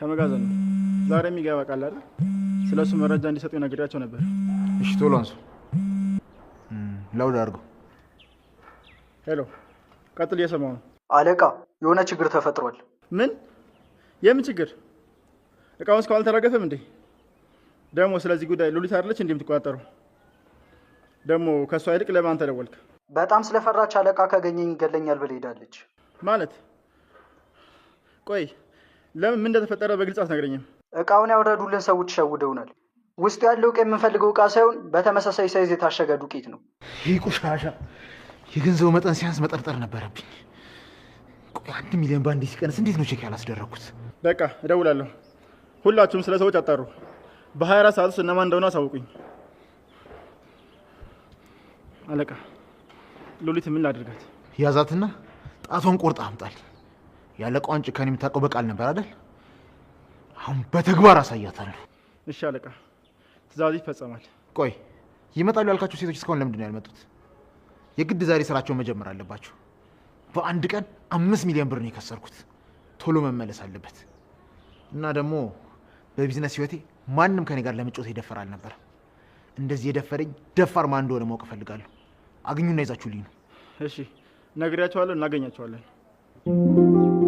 ከመጋዘን ነው። ዛሬ የሚገባ ቃል አይደል? ስለሱ መረጃ እንዲሰጡ ነግሬያቸው ነበር። እሺ፣ ቶሎ አንሱ። ላውድ አድርገው። ሄሎ፣ ቀጥል። እየሰማሁ ነው አለቃ። የሆነ ችግር ተፈጥሯል። ምን? የምን ችግር? እቃውን እስካሁን አልተራገፈም እንዴ? ደግሞ ስለዚህ ጉዳይ ሉሊት አይደለች እንዲህ የምትቆጣጠረው? ደግሞ ከእሷ ይልቅ ለማን ተደወልክ? በጣም ስለፈራች አለቃ፣ ካገኘኝ ይገለኛል ብለ ሄዳለች ማለት ቆይ ለምን ምን እንደተፈጠረ በግልጽ አትነግረኝም? እቃውን ያወረዱልን ሰዎች ሸውደውናል። ውስጡ ያለው እቃ የምንፈልገው እቃ ሳይሆን በተመሳሳይ ሳይዝ የታሸገ ዱቄት ነው። ይህ ቁሻሻ የገንዘቡ መጠን ሲያንስ መጠርጠር ነበረብኝ። አንድ ሚሊዮን ባንዴ ሲቀንስ እንዴት ነው ቼክ ያላስደረግኩት? በቃ እደውላለሁ። ሁላችሁም ስለ ሰዎች አጣሩ። በ24 ሰዓት ውስጥ እነማን እንደሆነ አሳውቁኝ። አለቃ ሎሊት ምን ላድርጋት? ያዛትና ጣቷን ቆርጣ አምጣል። ያለቃዋን ከኔ የምታውቀው በቃል ነበር አይደል? አሁን በተግባር አሳያታለሁ። እሺ አለቃ፣ ትእዛዝ ይፈጸማል። ቆይ ይመጣሉ ያልካቸው ሴቶች እስካሁን ለምንድን ነው ያልመጡት? የግድ ዛሬ ስራቸውን መጀመር አለባቸው። በአንድ ቀን አምስት ሚሊዮን ብር ነው የከሰርኩት። ቶሎ መመለስ አለበት እና ደግሞ በቢዝነስ ህይወቴ ማንም ከኔ ጋር ለመጫወት የደፈር አልነበረ። እንደዚህ የደፈረኝ ደፋር ማን እንደሆነ ማወቅ እፈልጋለሁ። አግኙና ልኝ ነው። እሺ፣ ነግሬያቸዋለሁ። እናገኛቸዋለን።